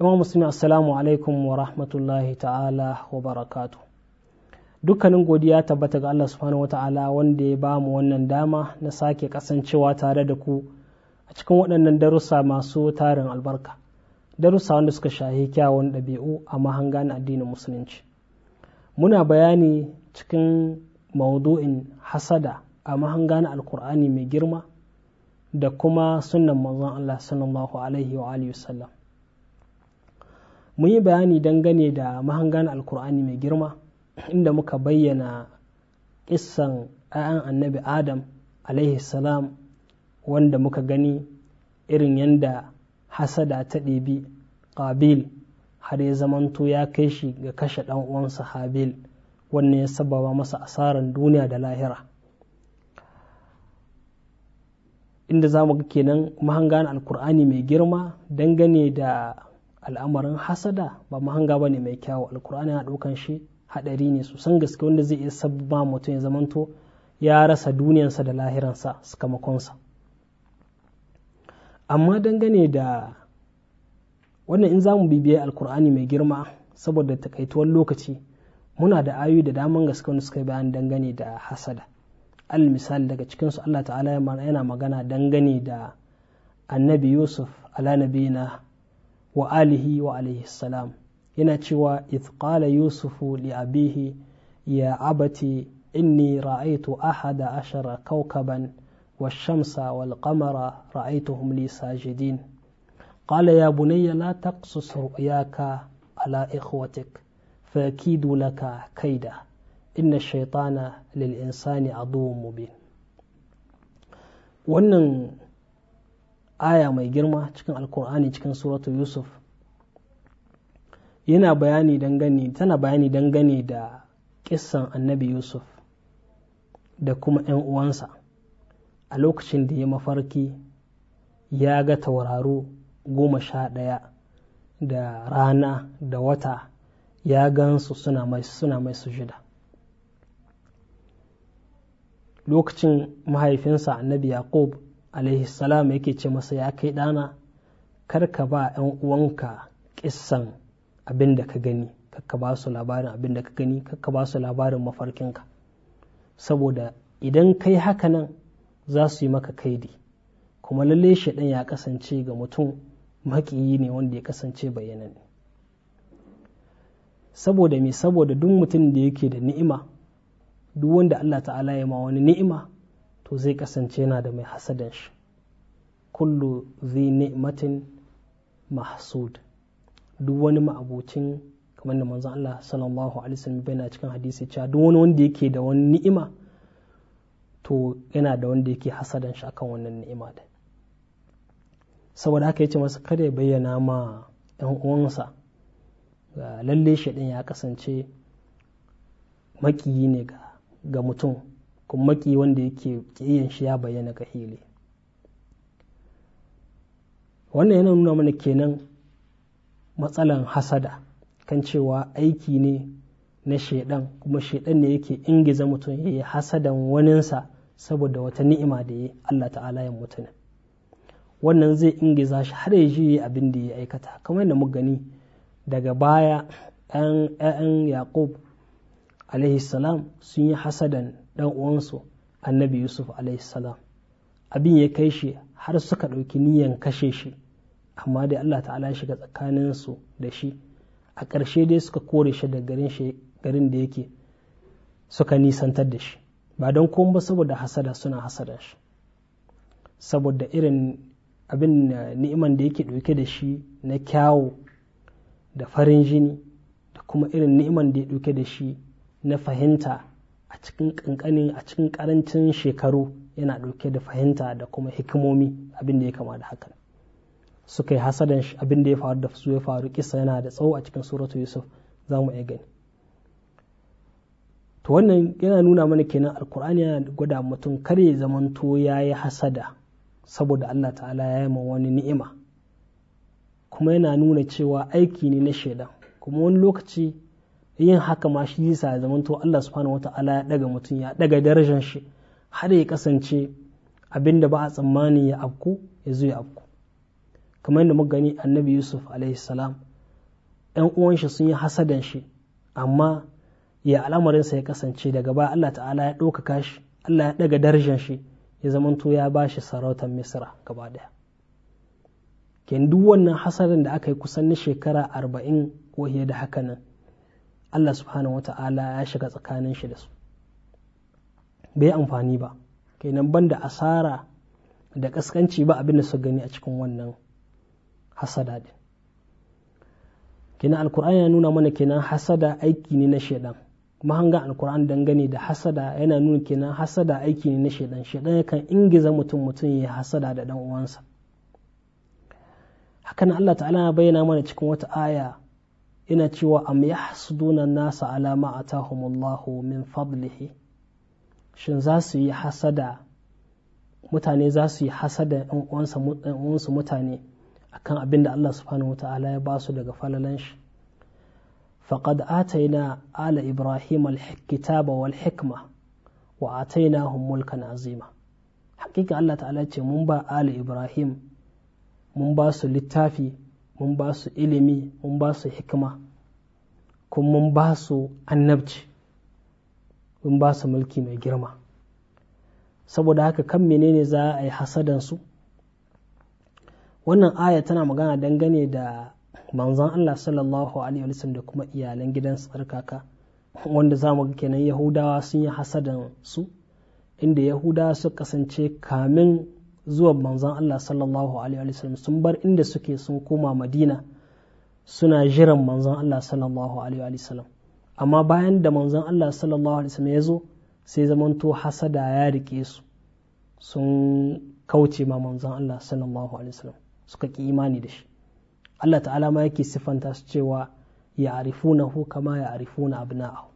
imam musulmi assalamu alaikum wa rahmatullahi ta'ala wa barakatu dukkanin godiya tabbata ga Allah subhanahu wa ta'ala wanda ya ba mu wannan dama na sake kasancewa tare da ku a cikin waɗannan darussa masu tarin albarka darussa wanda suka shahi kyawun ɗabi'u a mahanga na addinin musulunci muna bayani cikin maudu'in hasada a mahanga na alkur'ani mai girma da kuma sunnan manzon Allah sallallahu alaihi wa alihi wasallam mun yi bayani dangane da mahangan alkur'ani mai girma inda muka bayyana kissan 'ya'yan annabi adam alaihi salam wanda muka gani irin yadda hasada ta ɗebi ƙabil har ya zamanto ya kai shi ga kashe ɗan uwansa habil wannan ya sababa masa asaran duniya da lahira inda za mu ga kenan mahangan alkur'ani mai girma dangane da al'amarin hasada ba mu hanga ba ne mai kyawu alkur'ani na ɗaukan shi haɗari ne sosan gaske wanda zai iya sabba mutum ya zamanto ya rasa duniyansa da lahiransa sakamakonsa amma dangane da wannan in za mu bibiya alkur'ani mai girma saboda takaituwar lokaci muna da ayoyi da daman gaske wanda suka bayan dangane da hasada al misali daga cikin su allah ta'ala yana magana dangane da annabi yusuf ala nabiyina wa alihi wa alayhi salam yana cewa ƙala yusufu li abihi ya abati inni ra'aytu ahada ashara kawkaban wa shamsa wal qamara ra'aytuhum li sajidin ya bunayya la taqsus ru'yaka ala ikhwatik fakidu laka kaida inna shaytana lil insani aduwwun mubin wannan aya mai girma cikin alkur'ani cikin suratu yusuf yana bayani dangane tana bayani dangane da kissan annabi yusuf da kuma 'yan uwansa a lokacin da ya mafarki ya ga tauraro goma sha ɗaya da rana da wata ya gansu suna mai suna mai sujida lokacin mahaifinsa annabi yaqub alaihi salam yake ce masa ya kai dana kar ka ba 'yan uwanka kissan abin da ka gani ka ba su labarin abin da ka gani ka ba su labarin mafarkinka saboda idan kai haka nan za su yi maka kaidi kuma lalle shaɗan ya kasance ga mutum maƙiyi ne wanda ya kasance bayananne saboda me saboda duk mutum da yake da ni'ima duk wanda Allah ta'ala ya ma wani ni'ima to zai kasance yana da mai hasadin shi kullu zai ni'matin mahsud duk wani ma'abocin kamar da manzon Allah sallallahu alaihi wasallam na cikin hadisi cewa duk wani wanda yake da wani ni'ima to yana da wanda yake hasadan shi akan wannan ni'ima da saboda haka yace masa kada ya bayyana ma ɗan uwansa lalle shi ya kasance makiyi ne ga mutum kuma maki wanda yake kiyayen shi ya bayyana ka hili wannan yana nuna mana kenan matsalan hasada kan cewa aiki ne na shaidan kuma shaidan ne yake ingiza mutum ya yi hasadan waninsa saboda wata ni'ima da ya Allah ta'ala ya mutune wannan zai ingiza shi har ya ji abin da ya aikata kamar yadda muka gani daga baya 'ya'yan yaqub alaihi salam sun yi hasadan dan uwansu annabi yusuf salam abin ya kai shi har suka ɗauki niyan kashe shi amma dai allah ta'ala shiga tsakaninsu da shi a ƙarshe dai suka kore shi da garin da yake suka nisantar da shi ba don kuma ba saboda hasada suna hasada shi saboda irin abin ni'iman da yake ɗauke da shi na kyawu da farin jini da kuma irin ni'iman da ya ɗauke da shi na fahimta a cikin kankanin a cikin ƙarancin shekaru yana ɗauke da fahimta da kuma hikimomi abin da ya kama da hakan suka yi hasadan abin da ya faru da su ya faru kisa yana da tsawo a cikin suratu yusuf za mu iya gani to wannan yana nuna mana kenan alkur'ani yana gwada mutum kar ya zamanto ya yi hasada saboda allah ta'ala ya yi wani ni'ima kuma yana nuna cewa aiki ne na shaidan kuma wani lokaci yin haka ma shi yasa ya zamanto Allah subhanahu wata'ala ya daga mutum ya daga darajar shi har ya kasance abin da ba a tsammani ya abku ya zo ya abku kamar yadda muka gani annabi Yusuf alaihi salam ƴan uwan shi sun yi hasadan shi amma ya al'amarinsa ya kasance daga ba Allah ta'ala ya ɗaukaka shi Allah ya daga darajar shi ya zamanto ya ba shi sarautar Misra gaba daya ken duk wannan hasadan da aka yi kusan na shekara arba'in ko da haka nan Allah subhanahu wa ta'ala ya shiga tsakanin shi da su bai amfani ba kenan banda asara da kaskanci ba abin da su gani a cikin wannan hasada din kenan alkur'ani ya nuna mana kenan hasada aiki ne na shaidan hanga alkur'an dangane da hasada yana nuna kenan hasada aiki ne na shaidan shaidan yakan ingiza mutum mutum ya hasada da dan uwansa hakan Allah ta'ala ya bayyana mana cikin wata aya yana cewa am yahsuduna nasa ala ma atahumullahu min fadlihi shin za su yi hasada mutane za su yi hasada ɗan uwansu mutane akan abin da Allah subhanahu wata'ala ya ba su daga falalan shi faƙad ataina ala ibrahim alkitaba wal hikma wa atainahum mulkan azima hakika Allah ta'ala ce mun ba ala ibrahim mun ba su littafi mun ba su ilimi mun ba su hikima kuma mun ba su annabci mun ba su mulki mai girma saboda haka kan menene za a yi hasadansu wannan aya tana magana dangane da manzon Allah sallallahu alaihi wasallam da kuma iyalan gidan tsarkaka wanda zamu ga kenan yahudawa sun yi hasadan su inda yahudawa su kasance kamin Zuwa manzon Allah sallallahu alaihi wasallam sun bar inda suke sun koma Madina suna jiran manzon Allah sallallahu alaihi wasallam amma bayan da manzon Allah sallallahu alaihi wasallam ya zo sai zamanto hasada ya rike su sun kauce ma manzon Allah sallallahu alaihi wasallam suka ki imani da shi Allah ta'ala ma yake sifanta su cewa ya arifuna kama ya arifuna abna'ahu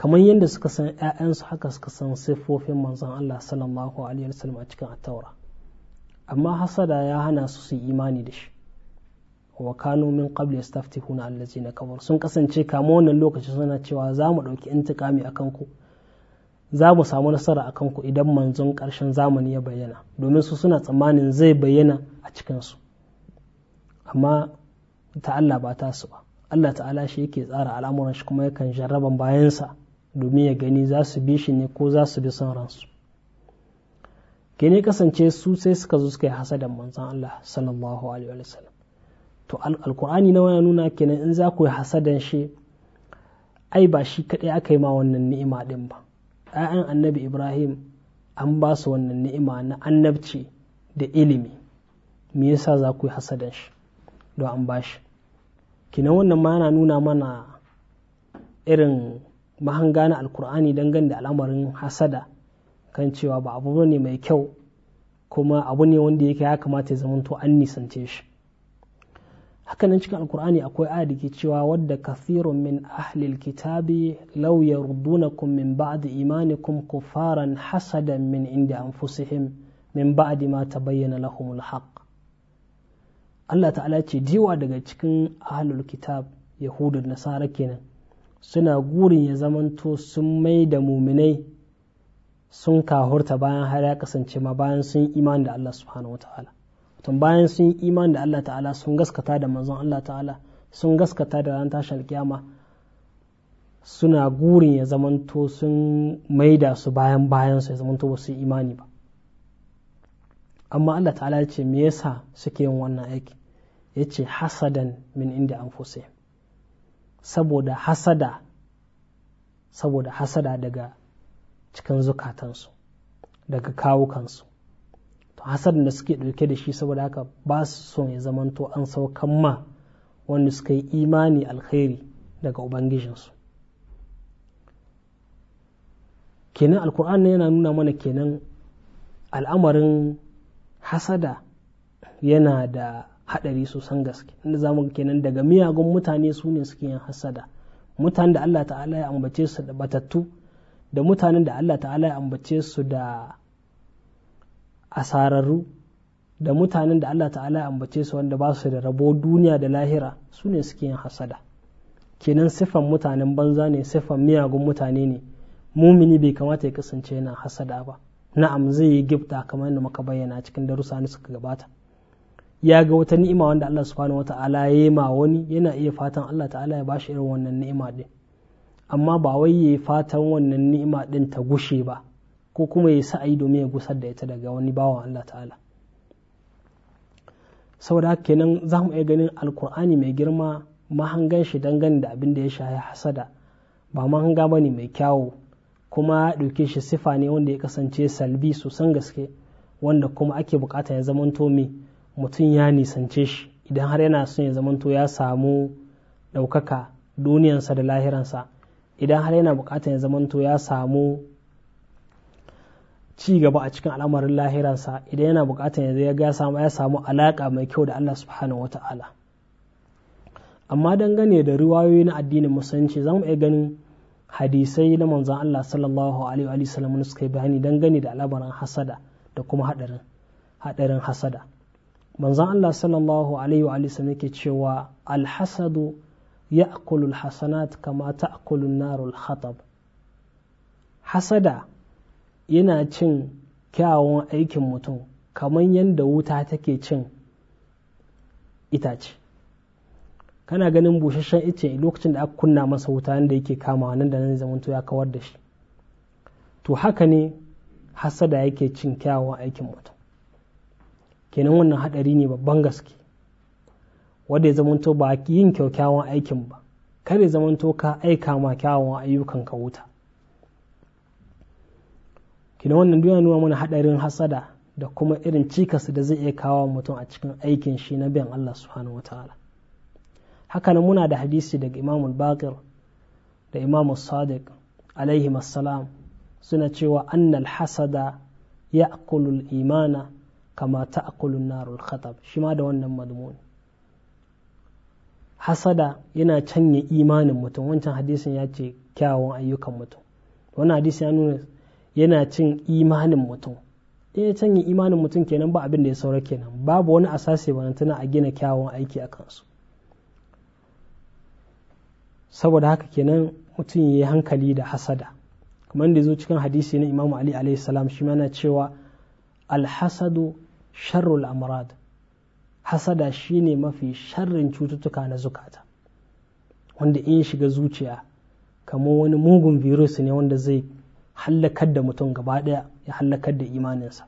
kamar yadda suka san ‘ya'yansu haka suka san siffofin manzon Allah sallallahu alaihi wasallam a cikin attaura amma hasada ya hana su su imani da shi wa kano min qabli yastaftihuna allazina kafaru sun kasance kama wannan lokaci suna cewa za mu ɗauki intikami akan ku za mu samu nasara akan ku idan manzon ƙarshen zamani ya bayyana domin su suna tsammanin zai bayyana a cikinsu amma ta Allah ba ta su ba Allah ta'ala shi yake tsara al'amuran shi kuma yakan jarraban bayansa domin ya gani za su bi shi ne ko za su bi son ransu ke ne kasance su sai suka zo suka yi hasadan manzan Allah sallallahu alaihi wa sallam to alkur'ani na wani nuna kenan in za ku yi hasadan shi ai ba shi kaɗai aka yi ma wannan ni'ima ɗin ba ‘ya'yan annabi ibrahim an ba su wannan ni'ima na annabci da ilimi me yasa za ku yi hasadan shi don an ba shi kinan wannan ma yana nuna mana irin mahanga na alkur'ani dangane da al'amarin hasada kan cewa ba abu ne mai kyau kuma abu ne wanda yake ya kamata ya zamanto an nisance shi hakanan cikin alkur'ani akwai aya da ke cewa wadda kathirun min ahlil kitabi law yardunakum min ba'di imanikum kufaran hasadan min inda an anfusihim min ba'di ma ta bayyana lahumul haqq Allah ta'ala ce diwa daga cikin ahlul kitab da nasara kenan suna gurin ya zamanto sun mai da muminai sun kahurta bayan har ya kasance ma bayan sun yi imani da Allah subhanahu wataala tun bayan sun yi imani da Allah ta'ala sun gaskata da manzon Allah ta'ala sun gaskata da ran tashin alkiyama suna gurin ya zamanto sun mai da su bayan bayan su ya zamanto ba su imani ba amma Allah ta'ala ya ce me yasa suke yin wannan aiki yace ce hasadan min inda anfusihim saboda hasada saboda hasada daga cikin zukatansu daga kawukansu to hasadin da suke ɗauke da shi saboda haka ba su son ya zamanto an saukan ma wanda suka yi imani alkhairi daga ubangijinsu kenan alkur'ani yana nuna mana kenan al'amarin hasada yana da haɗari sosan gaske inda za mu kenan daga miyagun mutane su ne suke yin hasada mutanen da Allah ta'ala ya ambace su da batattu da mutanen da Allah ta'ala ya ambace su da asararru da mutanen da Allah ta'ala ya ambace su wanda ba su da rabo duniya da lahira su ne suke yin hasada kenan sifan mutanen banza ne sifan miyagun mutane ne mumini bai kamata ya kasance yana hasada ba na'am zai yi gifta kamar yadda muka bayyana cikin darussa ne suka gabata ya ga wata ni'ima wanda Allah subhanahu ta'ala ya ma wani yana iya fatan Allah ta'ala ya bashi irin wannan ni'ima din amma ba wai ya fatan wannan ni'ima din ta gushe ba ko kuma ya sa'ayi domin ya gusar da ita daga wani bawan Allah ta'ala saboda haka kenan za mu iya ganin alkur'ani mai girma mahangan shi dangane da abin da ya shahi hasada ba mahanga ba ne mai kyawu kuma ya ɗauke shi sifa ne wanda ya kasance salbi sosan gaske wanda kuma ake bukata ya zamanto mai mutum ya nisance shi idan har yana son ya zamanto ya samu ɗaukaka duniyansa da lahiransa idan har yana bukatar ya zamanto ya samu ci gaba a cikin al'amarin lahiransa idan yana bukatar ya ya ya samu alaka mai kyau da Allah subhanahu wata'ala amma dangane da riwayoyi na addinin musulunci za mu iya ganin hadisai na manzon Allah sallallahu alaihi wa sallam suka yi bayani dangane da al'amarin hasada da kuma hadarin hasada manzan Allah sallallahu alaihi wa ne yake cewa alhasadu ya'kulu alhasanat kama ta'kulu narul khatab hasada yana cin kyawun aikin mutum kamar yadda wuta take cin itace kana ganin busasshen ice lokacin da aka kunna masa wuta da yake kama nan da nan zamanto ya kawar da shi to haka ne hasada yake cin kyawun aikin mutum kenan wannan haɗari ne babban gaske wanda ya zamanto ba yin kyakkyawan aikin ba ya zamanto ka aika ma kyawawan ayyukan ka wuta kenan wannan duniya nuna mana haɗarin hasada da kuma irin cikas da zai iya kawo mutum a cikin aikin shi na bin Allah subhanahu wa haka nan muna da hadisi daga Imam al Baqir da Imam al Sadiq alaihi suna cewa annal hasada ya'kulul imana kama akulun narul khatab shi ma da wannan madmun hasada yana canye imanin mutum wancan hadisin ya ce kyawun ayyukan mutum wannan hadisin ya nuna yana cin imanin mutum in ya canye imanin mutum kenan ba abin da ya saura kenan babu wani asasi tana a gina kyawun aiki a kansu saboda haka kenan mutum ya yi hankali da hasada kamar da zo cikin hadisi na imamu ali alaihi salam shi mana cewa alhasadu sharrul amrad hasada shine mafi sharrin cututtuka na zukata wanda in shiga zuciya kamar wani mugun virus ne wanda zai hallakar da mutum gaba daya ya hallakar da imaninsa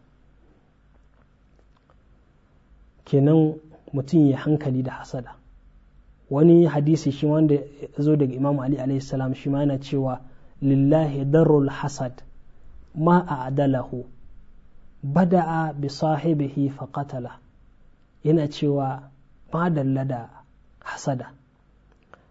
kenan mutum ya hankali da hasada wani hadisi shi wanda zo daga imam ali alaihi salam shi ma yana cewa lillahi darul hasad ma a adalahu bada'a bi sahibihi faqatala yana cewa ba da hasada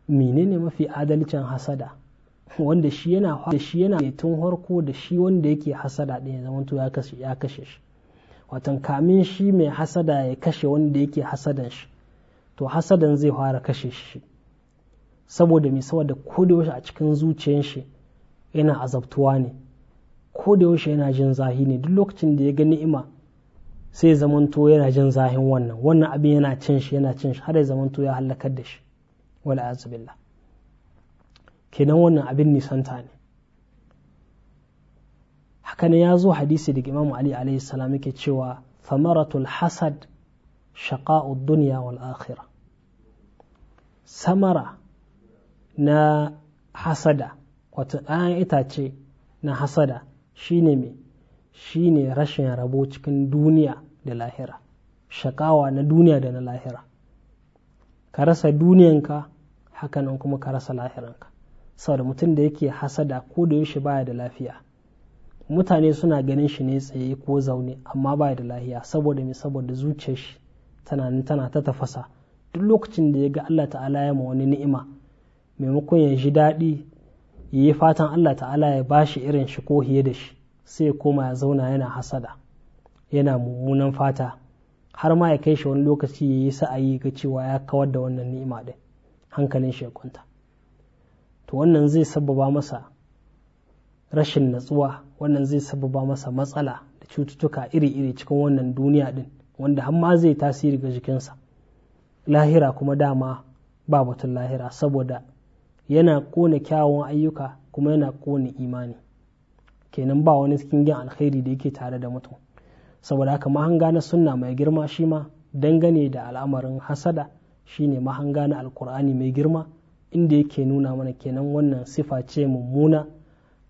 menene mafi adalcin hasada wanda shi yana da shi yana tun harko da shi wanda yake hasada ɗin ya zamanto ya kashe ya kashe shi watan kamin shi mai hasada ya kashe wanda yake hasadan shi to hasadan zai fara kashe shi saboda mai saboda kodayaushe a cikin zuciyar shi yana azabtuwa ne ko da yaushe yana jin zahi ne duk lokacin da ya ga ni'ima sai zamanto yana jin zahin wannan wannan abin yana cin shi yana cin shi har ya zamanto ya halakar da shi wala azubillah kenan wannan abin nisanta ne haka ne ya zo hadisi daga Imam Ali alaihi salam yake cewa thamaratul hasad shaqa'ud dunya wal akhirah samara na hasada wato ɗayan itace na hasada shine me shine rashin rabo cikin duniya da lahira shakawa na duniya da na lahira ka rasa duniyanka hakanan kuma ka rasa lahiranka saboda mutum da yake hasada ko da yaushe baya da lafiya mutane suna ganin shi ne tsaye ko zaune amma baya da lahiya saboda me saboda zuciyar shi tana tana ta tafasa duk lokacin da ya ga Allah ta'ala ya ma wani ni'ima maimakon ya ji daɗi yi fatan Allah ta'ala ya ba shi irin shi ko hiye da shi sai ya koma ya zauna yana hasada yana mummunan fata har ma ya kai shi wani lokaci ya yi sa'ayi ga cewa ya kawar da wannan ni'ima din hankalin shi ya kwanta to wannan zai sababa masa rashin natsuwa wannan zai sababa masa matsala da cututtuka iri-iri cikin wannan duniya din wanda har ma zai tasiri ga jikinsa lahira kuma dama ba batun lahira saboda yana kone kyawun ayyuka kuma yana kone imani kenan ba wani cikin alkhairi da yake tare da mutum saboda haka mahanga na sunna mai girma shi ma dangane da al'amarin hasada shine mahanga na alkur'ani mai girma inda yake nuna mana kenan wannan sifa ce mummuna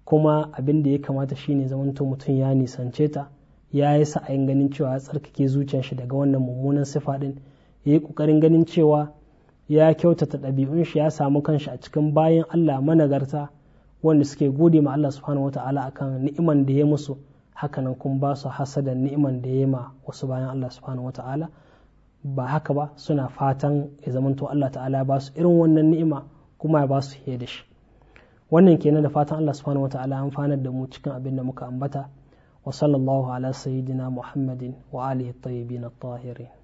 kuma abin da ya kamata shine zamanto mutum ya nisance ta ya yi sa'ayin ganin cewa ya tsarkake zuciyar shi daga wannan mummunan sifa din ya yi ƙoƙarin ganin cewa ya kyautata ɗabi'un shi ya samu kanshi a cikin bayan Allah managarta wanda suke gode ma Allah subhanahu wata'ala akan ni'iman da ya musu hakanan kun ba su hasadan ni'iman da ya ma wasu bayan Allah subhanahu wata'ala ba haka ba suna fatan ya zamanto Allah ta'ala ya ba su irin wannan ni'ima kuma ya ba su da shi wannan kenan da fatan Allah subhanahu wata'ala an fanar da mu cikin abin da muka ambata wa sallallahu ala sayyidina muhammadin wa alihi tayyibin at-tahirin